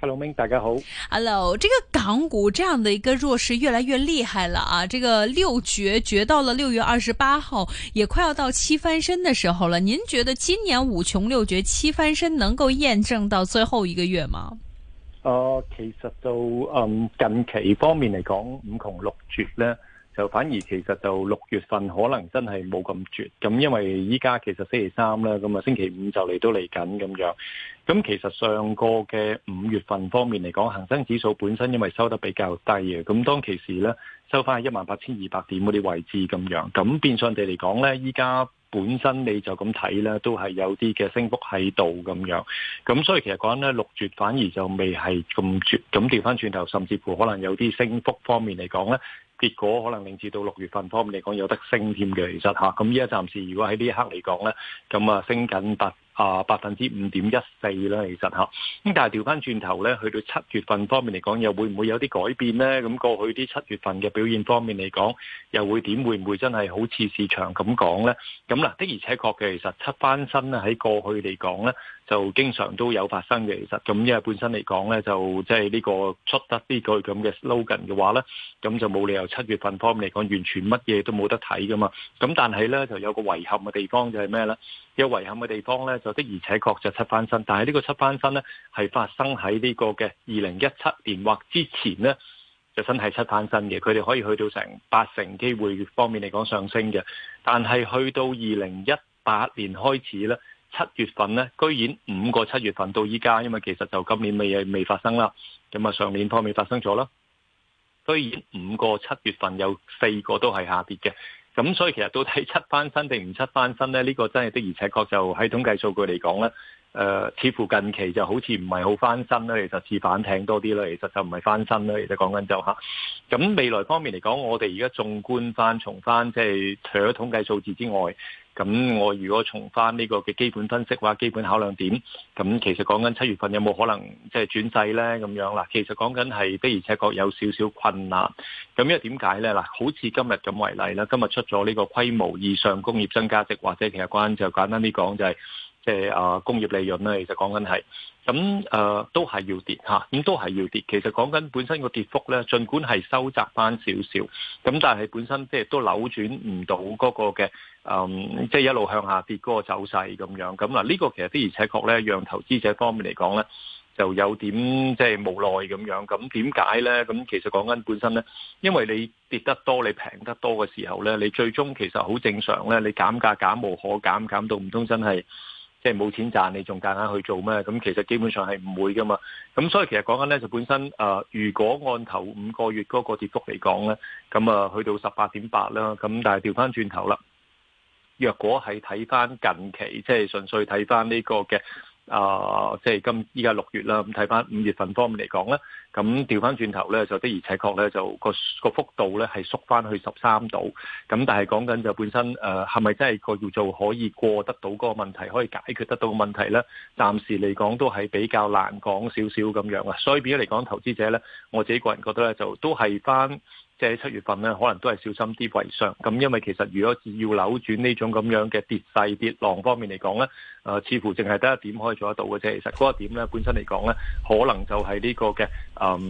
hello，大家好。hello，這個港股這樣的一個弱勢越來越厲害了啊！這個六絕絕到了六月二十八號，也快要到七翻身的時候了。您覺得今年五窮六絕七翻身能夠驗證到最後一個月嗎？哦、呃，其實就嗯近期方面嚟講，五窮六絕咧。就反而其實就六月份可能真係冇咁絕，咁因為依家其實星期三啦，咁啊星期五就嚟都嚟緊咁樣。咁其實上個嘅五月份方面嚟講，恆生指數本身因為收得比較低嘅，咁當其時咧收翻喺一萬八千二百點嗰啲位置咁樣，咁變相地嚟講咧，依家本身你就咁睇咧，都係有啲嘅升幅喺度咁樣。咁所以其實講咧六絕反而就未係咁絕，咁調翻轉頭，甚至乎可能有啲升幅方面嚟講咧。結果可能令至到六月份方面嚟講有得升添嘅，其實嚇。咁依家暫時如果喺呢一刻嚟講呢，咁啊升緊百啊百分之五點一四啦，其實嚇。咁但係調翻轉頭呢，去到七月份方面嚟講，又會唔會有啲改變呢？咁過去啲七月份嘅表現方面嚟講，又會點？會唔會真係好似市場咁講呢？咁嗱，的而且確嘅，其實七翻身喺過去嚟講呢。就經常都有發生嘅，其實咁因為本身嚟講呢，就即係呢個出得呢句咁嘅 slogan 嘅話呢，咁就冇理由七月份方面嚟講完全乜嘢都冇得睇噶嘛。咁但係呢，就有個遺憾嘅地方就係咩呢？有、這個、遺憾嘅地方呢，就的而且確就七翻身。但係呢個七翻身呢，係發生喺呢個嘅二零一七年或之前呢，就真係七翻身嘅。佢哋可以去到成八成機會方面嚟講上升嘅。但係去到二零一八年開始呢。七月份咧，居然五個七月份到依家，因為其實就今年未未發生啦。咁啊，上年方未發生咗啦，居然五個七月份有四個都係下跌嘅。咁所以其實到底七翻身定唔七翻身咧？呢個真係的而且確就喺統計數據嚟講咧。誒、呃，似乎近期就好似唔係好翻身啦，其實似反艇多啲啦，其實就唔係翻身啦，其實講緊就吓、是、咁未來方面嚟講，我哋而家縱觀翻，重翻即係除咗統計數字之外，咁我如果重翻呢個嘅基本分析話，基本考量點，咁其實講緊七月份有冇可能即係轉勢咧？咁樣嗱，其實講緊係的而且確有少少困難。咁因為點解咧？嗱，好似今日咁為例啦，今日出咗呢個規模以上工業增加值，或者其實講緊就簡單啲講就係、是。即係啊工業利潤咧，其實講緊係咁誒，都係要跌吓，咁都係要跌。其實講緊本身個跌幅咧，儘管係收窄翻少少，咁但係本身即係都扭轉唔到嗰個嘅誒，即係一路向下跌嗰個走勢咁樣。咁嗱，呢個其實的而且確咧，讓投資者方面嚟講咧，就有點即係無奈咁樣。咁點解咧？咁其實講緊本身咧，因為你跌得多，你平得多嘅時候咧，你最終其實好正常咧，你減價減無可減，減到唔通真係。即係冇錢賺，你仲夾硬去做咩？咁其實基本上係唔會㗎嘛。咁所以其實講緊咧，就本身誒、呃，如果按頭五個月嗰個跌幅嚟講咧，咁啊去到十八點八啦。咁但係掉返轉頭啦，若果係睇返近期，即、就、係、是、純粹睇返呢個嘅。啊、呃，即係今依家六月啦，咁睇翻五月份方面嚟講咧，咁調翻轉頭咧，就的而且確咧，就個個幅度咧係縮翻去十三度，咁但係講緊就本身誒係咪真係個叫做可以過得到嗰個問題，可以解決得到問題咧？暫時嚟講都係比較難講少少咁樣啊。所以變咗嚟講，投資者咧，我自己個人覺得咧，就都係翻。即係七月份咧，可能都係小心啲為上。咁因為其實如果要扭轉呢種咁樣嘅跌勢跌浪方面嚟講咧，誒、呃、似乎淨係得一點可以做得到嘅啫。其實嗰一點咧，本身嚟講咧，可能就係呢個嘅誒，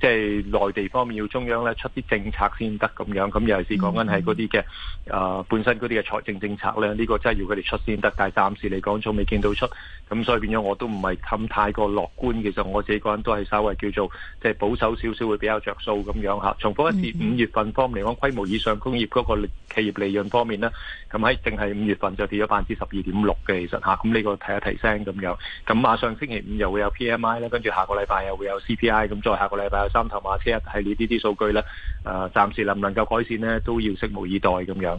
即係內地方面要中央咧出啲政策先得咁樣。咁尤其是講緊係嗰啲嘅誒本身嗰啲嘅財政政策咧，呢、呢個真係要佢哋出先得。但係暫時嚟講仲未見到出，咁所以變咗我都唔係咁太過樂觀。其實我自己個人都係稍微叫做即係、即係、保守少少，會比較着數咁樣嚇。重複一次。五月份方面嚟講，規模以上工業嗰個企業利潤方面呢，咁喺淨係五月份就跌咗百分之十二點六嘅，其實下咁呢個提一提聲咁樣。咁馬上星期五又會有 P M I，跟住下個禮拜又會有 C P I，咁再下個禮拜有三頭馬車一系列呢啲數據呢，誒，暫時能唔能夠改善呢？都要拭目以待咁樣。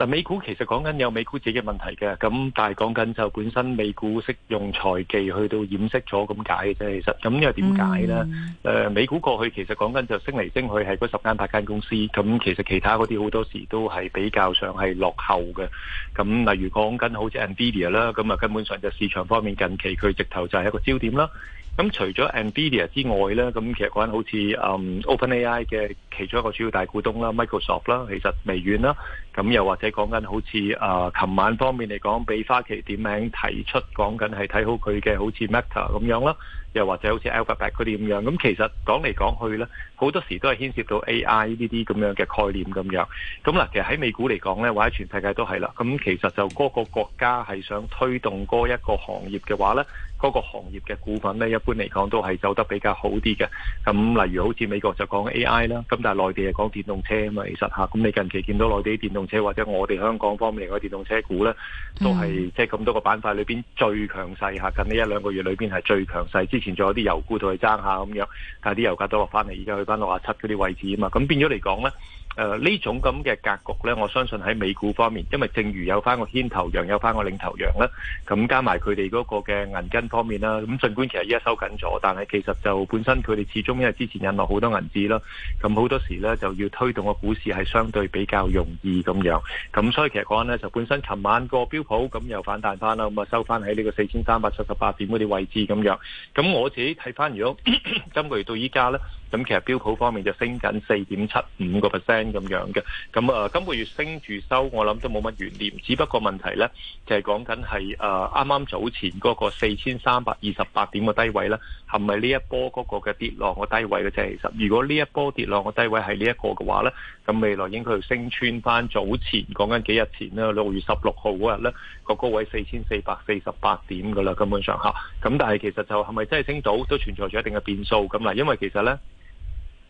嗱，美股其實講緊有美股自己嘅問題嘅，咁但係講緊就本身美股識用財技去到掩飾咗咁解嘅啫，其實咁因為點解咧？誒，美股過去其實講緊就升嚟升去係嗰十間八間公司，咁其實其他嗰啲好多時都係比較上係落後嘅。咁例如講緊好似 Nvidia 啦，咁啊根本上就市場方面近期佢直頭就係一個焦點啦。咁除咗 Nvidia 之外呢，咁其實講緊好似嗯 OpenAI 嘅其中一個主要大股東啦，Microsoft 啦，其實微軟啦，咁又或者講緊好似啊，琴、呃、晚方面嚟講，俾花旗點名提出講緊係睇好佢嘅好似 Meta 咁樣啦，又或者好似 Alphabet 嗰啲咁樣，咁其實講嚟講去呢，好多時都係牽涉到 AI 呢啲咁樣嘅概念咁樣。咁啦，其實喺美股嚟講呢，或者全世界都係啦，咁其實就嗰個國家係想推動嗰一個行業嘅話呢。嗰個行業嘅股份呢，一般嚟講都係走得比較好啲嘅。咁例如好似美國就講 AI 啦，咁但係內地係講電動車啊嘛，其實吓，咁你近期見到內地電動車或者我哋香港方面嚟嘅電動車股呢，都係即係咁多個板塊裏邊最強勢嚇，近呢一兩個月裏邊係最強勢。之前仲有啲油股同佢爭下咁樣，但係啲油價都落翻嚟，而家去翻六啊七嗰啲位置啊嘛，咁變咗嚟講呢。誒、呃、呢種咁嘅格局呢，我相信喺美股方面，因為正如有翻個牽頭羊，有翻個領頭羊啦，咁加埋佢哋嗰個嘅銀根方面啦，咁儘管其實依家收緊咗，但係其實就本身佢哋始終因為之前引落好多銀紙啦，咁好多時呢，就要推動個股市係相對比較容易咁樣，咁所以其實講呢，就本身琴晚個標普咁又反彈翻啦，咁啊收翻喺呢個四千三百七十八點嗰啲位置咁樣，咁我自己睇翻如果咳咳今個月到依家呢。咁其實標普方面就升緊四點七五個 percent 咁樣嘅，咁啊今個月升住收，我諗都冇乜懸念，只不過問題呢就係講緊係誒啱啱早前嗰個四千三百二十八點嘅低位呢，係咪呢一波嗰個嘅跌落個低位嘅啫？其實如果呢一波跌落個低位係呢一個嘅話呢，咁未來應該要升穿翻早前講緊幾日前呢，六月十六號嗰日呢個高位四千四百四十八點㗎喇，根本上嚇，咁但係其實就係咪真係升到都存在住一定嘅變數咁啦，因為其實呢。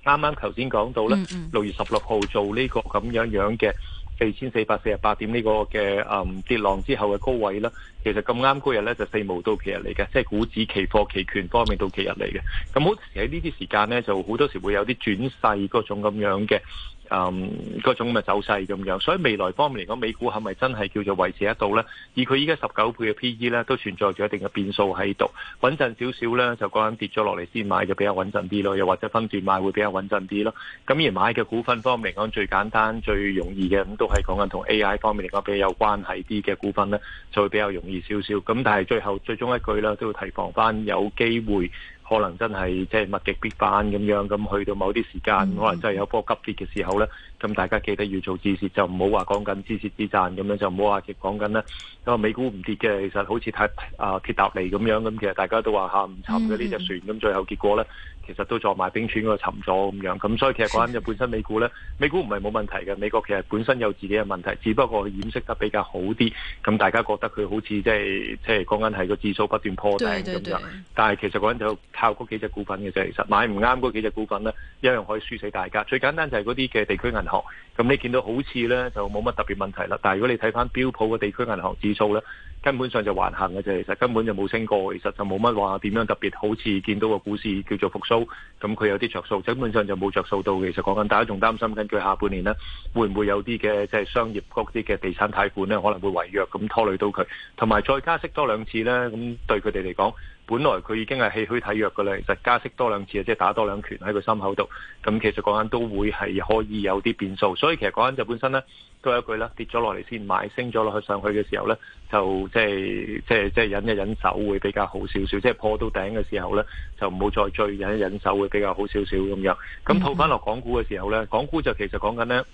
啱啱頭先講到咧，六月十六號做呢個咁樣樣嘅四千四百四十八點呢個嘅誒跌浪之後嘅高位啦。其實咁啱嗰日咧就四巫到期日嚟嘅，即係股指期貨期權方面到期日嚟嘅。咁好似喺呢啲時間咧，就好多時會有啲轉勢嗰種咁樣嘅。誒、嗯、嗰種嘅走勢咁樣，所以未來方面嚟講，美股係咪真係叫做維持得到呢？以佢依家十九倍嘅 P E 咧，都存在住一定嘅變數喺度。穩陣少少呢，就講緊跌咗落嚟先買，就比較穩陣啲咯。又或者分段買會比較穩陣啲咯。咁而買嘅股份方面嚟講，最簡單、最容易嘅咁都係講緊同 A I 方面嚟講比較有關係啲嘅股份呢，就會比較容易少少。咁但係最後最終一句咧，都要提防翻有機會。可能真係即係物極必反咁樣，咁去到某啲時間，可能真係有波急跌嘅時候呢。咁大家記得要做止蝕，就唔好話講緊止蝕止賺咁樣，就唔好話直講緊啦。因啊，美股唔跌嘅，其實好似太啊鐵達尼咁樣，咁其實大家都話嚇唔沉嘅呢隻船，咁、嗯、最後結果呢，其實都撞埋冰川嗰度沉咗咁樣。咁所以其實講緊就本身美股呢，美股唔係冇問題嘅。美國其實本身有自己嘅問題，只不過掩飾得比較好啲。咁大家覺得佢好似即係即係講緊係個指數不斷破底咁樣，但係其實講緊就，靠嗰幾隻股份嘅啫，其實買唔啱嗰幾隻股份咧，一樣可以輸死大家。最簡單就係嗰啲嘅地區銀行，咁你見到好似咧，就冇乜特別問題啦。但係如果你睇翻標普嘅地區銀行指數咧。根本上就還行嘅啫，其實根本就冇升過，其實就冇乜話點樣特別，好似見到個股市叫做復甦，咁佢有啲着數，根本上就冇着數到。其實講緊大家仲擔心緊佢下半年呢會唔會有啲嘅即係商業嗰啲嘅地產貸款呢可能會違約咁拖累到佢，同埋再加息多兩次呢。咁對佢哋嚟講，本來佢已經係氣虛體弱嘅咧，其實加息多兩次啊，即係打多兩拳喺個心口度，咁其實講緊都會係可以有啲變數，所以其實講緊就本身呢。都一句啦，跌咗落嚟先買，升咗落去上去嘅時候呢，就即係即係即係忍一忍手會比較好少少，即係破到頂嘅時候呢，就唔好再追，忍一忍手會比較好少少咁樣。咁套翻落港股嘅時候呢，港股就其實講緊呢，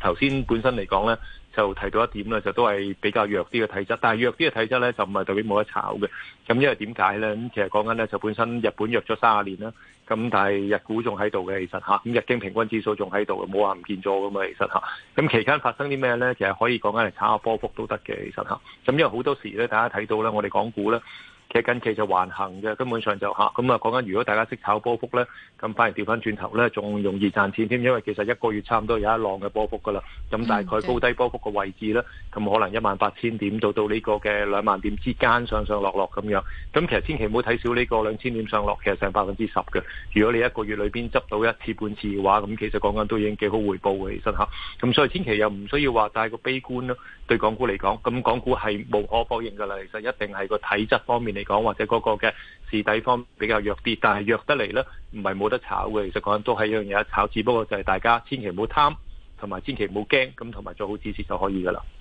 頭先本身嚟講呢。就提到一點咧，就都係比較弱啲嘅體質，但係弱啲嘅體質咧就唔係代表冇得炒嘅。咁因為點解咧？咁其實講緊咧就本身日本弱咗三十年啦，咁但係日股仲喺度嘅，其實吓咁日經平均指數仲喺度，冇話唔見咗咁嘛，其實吓咁期間發生啲咩咧？其實可以講緊嚟炒下波幅都得嘅，其實吓咁因為好多時咧，大家睇到咧，我哋港股咧。其實近期就橫行嘅，根本上就嚇咁啊！嗯、講緊如果大家識炒波幅咧，咁反而掉返轉頭咧，仲容易賺錢添。因為其實一個月差唔多有一浪嘅波幅噶啦，咁大概高低波幅嘅位置咧，咁可能一萬八千點到到呢個嘅兩萬點之間上上落落咁樣。咁其實千祈唔好睇少呢個兩千點上落，其實成百分之十嘅。如果你一個月裏邊執到一次半次嘅話，咁其實講緊都已經幾好回報嘅起身嚇。咁所以千祈又唔需要話帶個悲觀咯，對港股嚟講，咁港股係無可否認噶啦，其實一定係個體質方面。嚟講，或者嗰個嘅市底方比較弱啲，但係弱得嚟呢，唔係冇得炒嘅。其實講都係一樣嘢，炒只不過就係大家千祈唔好貪，同埋千祈唔好驚，咁同埋做好止蝕就可以㗎啦。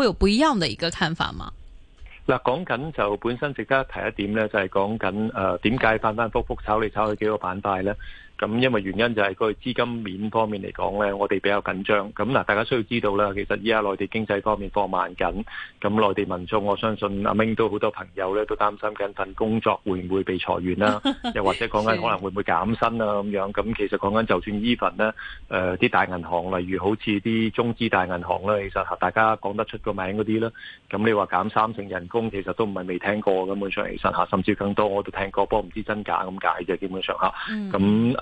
會有不一樣的一個看法嗎？嗱，講緊就本身值得提一點咧，就係講緊誒，點解反反復復炒嚟炒去幾個板塊咧？咁因為原因就係個資金面方面嚟講咧，我哋比較緊張，咁嗱，大家需要知道啦，其實依家內地經濟方面放慢緊，咁內地民眾我相信阿 Ming 都好多朋友咧都擔心緊份工作會唔會被裁員啦、啊，又 或者講緊可能會唔會減薪啊咁樣，咁其實講緊就算依份咧，誒、呃、啲大銀行例如好似啲中資大銀行啦，其實吓大家講得出個名嗰啲啦。咁你話減三成人工，其實都唔係未聽過，根本上其實吓甚至更多我都聽過，不過唔知真假咁解啫。基本上吓。咁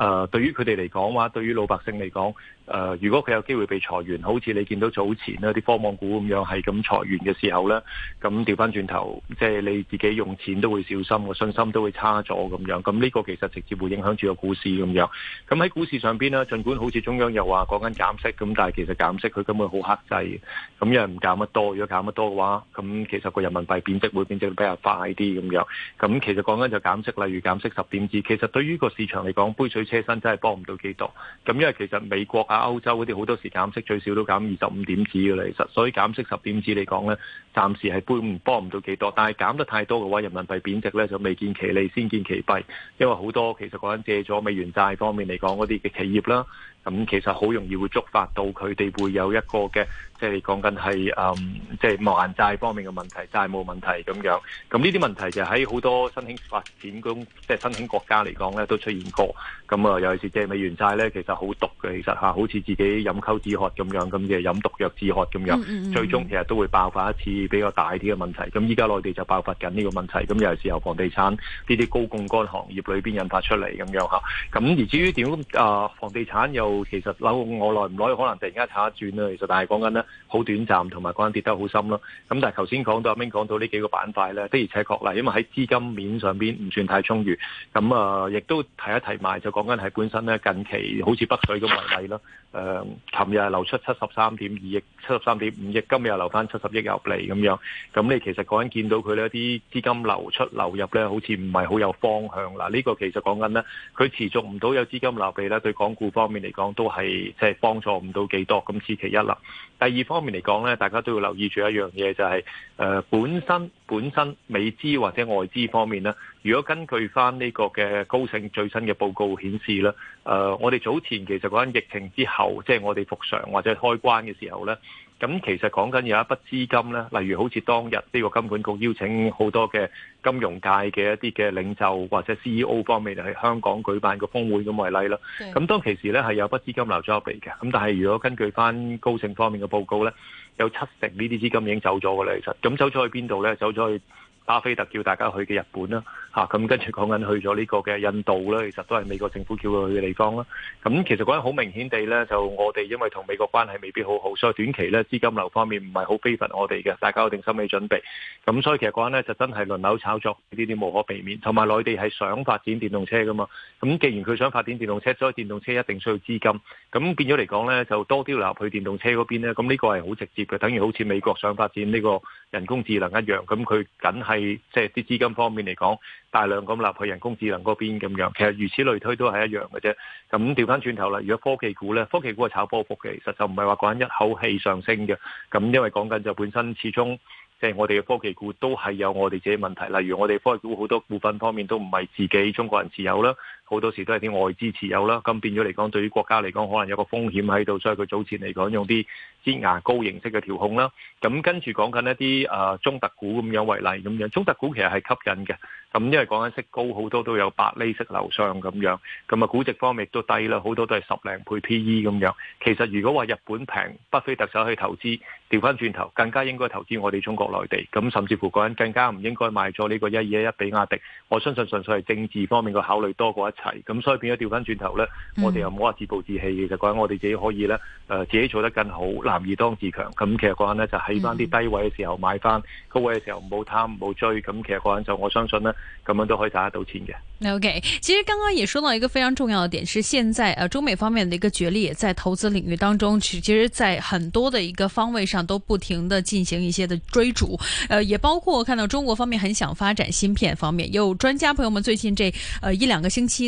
誒、呃，對於佢哋嚟講，話、呃、對於老百姓嚟講，誒、呃，如果佢有機會被裁員，好似你見到早前咧啲科網股咁樣，係咁裁員嘅時候呢，咁調翻轉頭，即、就、係、是、你自己用錢都會小心，個信心都會差咗咁樣。咁呢個其實直接會影響住個股市咁樣。咁喺股市上邊呢，盡管好似中央又話講緊減息，咁但係其實減息佢根本好克制，咁人唔減得多。如果減得多嘅話，咁其實個人民幣貶值會貶值比較快啲咁樣。咁其實講緊就減息，例如減息十點至，其實對於個市場嚟講，杯水車身真係幫唔到幾多，咁因為其實美國啊、歐洲嗰啲好多時減息最少都減二十五點子嘅。其實所以減息十點子嚟講呢，暫時係半唔幫唔到幾多，但係減得太多嘅話，人民幣貶值呢就未見其利先見其弊，因為好多其實講緊借咗美元債方面嚟講嗰啲企業啦。咁其實好容易會觸發到佢哋會有一個嘅，即係講緊係誒，即係莫債方面嘅問題、債務問題咁樣。咁呢啲問題就喺好多申請發展中，即係申請國家嚟講咧，都出現過。咁啊，尤其是借美元債咧，其實好毒嘅，其實嚇，好似自己飲溝止渴咁樣，咁嘅飲毒藥止渴咁樣，最終其實都會爆發一次比較大啲嘅問題。咁依家內地就爆發緊呢個問題，咁尤其係由房地產呢啲高槓桿行業裏邊引發出嚟咁樣嚇。咁而至於點啊、呃，房地產又？其實扭我耐唔耐，可能突然間炒一轉啦。其實但，但係講緊咧，好短暫，同埋講緊跌得好深啦。咁但係頭先講到阿明 e 講到呢幾個板塊咧，的而且確啦，因為喺資金面上邊唔算太充裕。咁啊，亦都提一提埋，就講緊喺本身咧，近期好似北水咁為例咯。誒、呃，尋日係流出七十三點二億、七十三點五億，今日又流翻七十億入嚟咁樣。咁你其實講緊見到佢呢一啲資金流出流入咧，好似唔係好有方向。嗱，呢個其實講緊咧，佢持續唔到有資金流嚟咧，對港股方面嚟講。都係即係幫助唔到幾多，咁此其一啦。第二方面嚟講咧，大家都要留意住一樣嘢，就係誒本身本身美資或者外資方面咧，如果根據翻呢個嘅高盛最新嘅報告顯示咧，誒我哋早前其實講緊疫情之後，即係我哋復常或者開關嘅時候咧。咁其實講緊有一筆資金咧，例如好似當日呢個金管局邀請好多嘅金融界嘅一啲嘅領袖或者 CEO 方面，就去香港舉辦個峰會咁為例啦。咁當其時咧係有筆資金留咗入嚟嘅，咁但係如果根據翻高盛方面嘅報告咧，有七成呢啲資金已經走咗㗎喇，其實咁走咗去邊度咧？走咗去巴菲特叫大家去嘅日本啦。啊，咁跟住講緊去咗呢個嘅印度啦，其實都係美國政府叫佢去嘅地方啦。咁其實嗰陣好明顯地呢，就我哋因為同美國關係未必好好，所以短期呢資金流方面唔係好非馳我哋嘅，大家有定心理準備。咁所以其實嗰陣呢就真係輪流炒作呢啲無可避免，同埋內地係想發展電動車㗎嘛。咁既然佢想發展電動車，所以電動車一定需要資金。咁變咗嚟講呢，就多啲流去電動車嗰邊呢。咁呢個係好直接嘅，等於好似美國想發展呢個人工智能一樣。咁佢梗係即係啲資金方面嚟講。大量咁入去人工智能嗰邊咁樣，其實如此類推都係一樣嘅啫。咁調翻轉頭啦，如果科技股咧，科技股係炒波幅嘅，其實就唔係話講一口氣上升嘅。咁因為講緊就本身始終即係我哋嘅科技股都係有我哋自己問題，例如我哋科技股好多股份方面都唔係自己中國人持有啦。好多時都係啲外資持有啦，咁變咗嚟講，對於國家嚟講，可能有個風險喺度，所以佢早前嚟講用啲擠牙膏形式嘅調控啦。咁跟住講緊一啲誒、呃、中特股咁樣為例咁樣，中特股其實係吸引嘅。咁因為講緊息高好多，都有百厘息流上咁樣，咁、那、啊、個、估值方面都低啦，好多都係十零倍 P E 咁樣。其實如果話日本平畢菲特去投資，調返轉頭更加應該投資我哋中國內地。咁甚至乎個人更加唔應該賣咗呢個一二一一比亞迪。我相信純粹係政治方面嘅考慮多過一。咁、嗯，所以變咗調翻轉頭呢，我哋又唔好話自暴自棄，其實講緊我哋自己可以呢，誒，自己做得更好，男兒當自強。咁其實講緊呢，就喺翻啲低位嘅時候買翻，高位嘅時候唔好貪唔好追。咁其實講緊就，我相信呢，咁樣都可以賺得到錢嘅。O、okay, K，其實剛剛也說到一個非常重要嘅點，是現在誒，中美方面嘅一個角力，在投資領域當中，其實，在很多嘅一個方位上，都不停地進行一些嘅追逐。誒、呃，也包括我看到中國方面很想發展芯片方面，有專家朋友們最近這誒一兩個星期。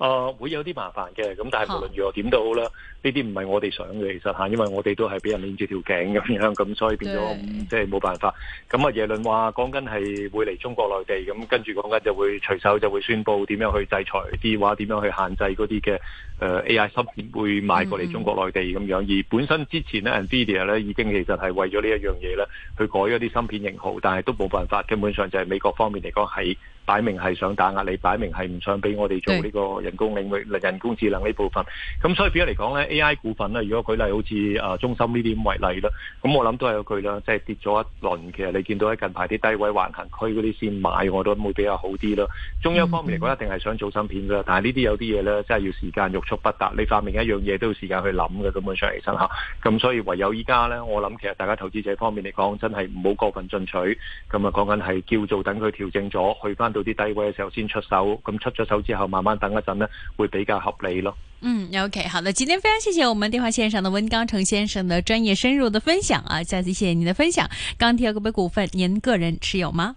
啊、呃，會有啲麻煩嘅，咁但係無論如何點都好啦，呢啲唔係我哋想嘅，其實嚇，因為我哋都係俾人拎住條頸咁樣，咁所以變咗即係冇辦法。咁啊，耶倫話講緊係會嚟中國內地，咁跟住講緊就會隨手就會宣佈點樣去制裁啲話，點樣去限制嗰啲嘅。誒、uh, AI 芯片會買過嚟中國內地咁樣，mm -hmm. 而本身之前咧，Nvidia 咧已經其實係為咗呢一樣嘢咧，去改咗啲芯片型號，但係都冇辦法，根本上就係美國方面嚟講係擺明係想打壓你，擺明係唔想俾我哋做呢個人工領域、mm -hmm. 人工智能呢部分。咁所以比如嚟講咧，AI 股份咧，如果舉例好似誒中芯呢啲咁為例啦，咁我諗都係有句啦，即係跌咗一輪，其實你見到喺近排啲低位橫行區嗰啲先買，我都會比較好啲咯。中央方面嚟講一定係想做芯片啦，mm -hmm. 但係呢啲有啲嘢咧，真係要時間不達，你發明一樣嘢都要時間去諗嘅，根本上嚟講吓，咁所以唯有依家呢，我諗其實大家投資者方面嚟講，真係唔好過分進取，咁啊講緊係叫做等佢調整咗，去翻到啲低位嘅時候先出手，咁出咗手之後慢慢等一陣呢會比較合理咯。嗯，okay，好的，那今天非常謝謝我們電話線上的溫鋼城先生的專業深入的分享啊，再次謝謝您的分享。鋼鐵個股份，您個人持有嗎？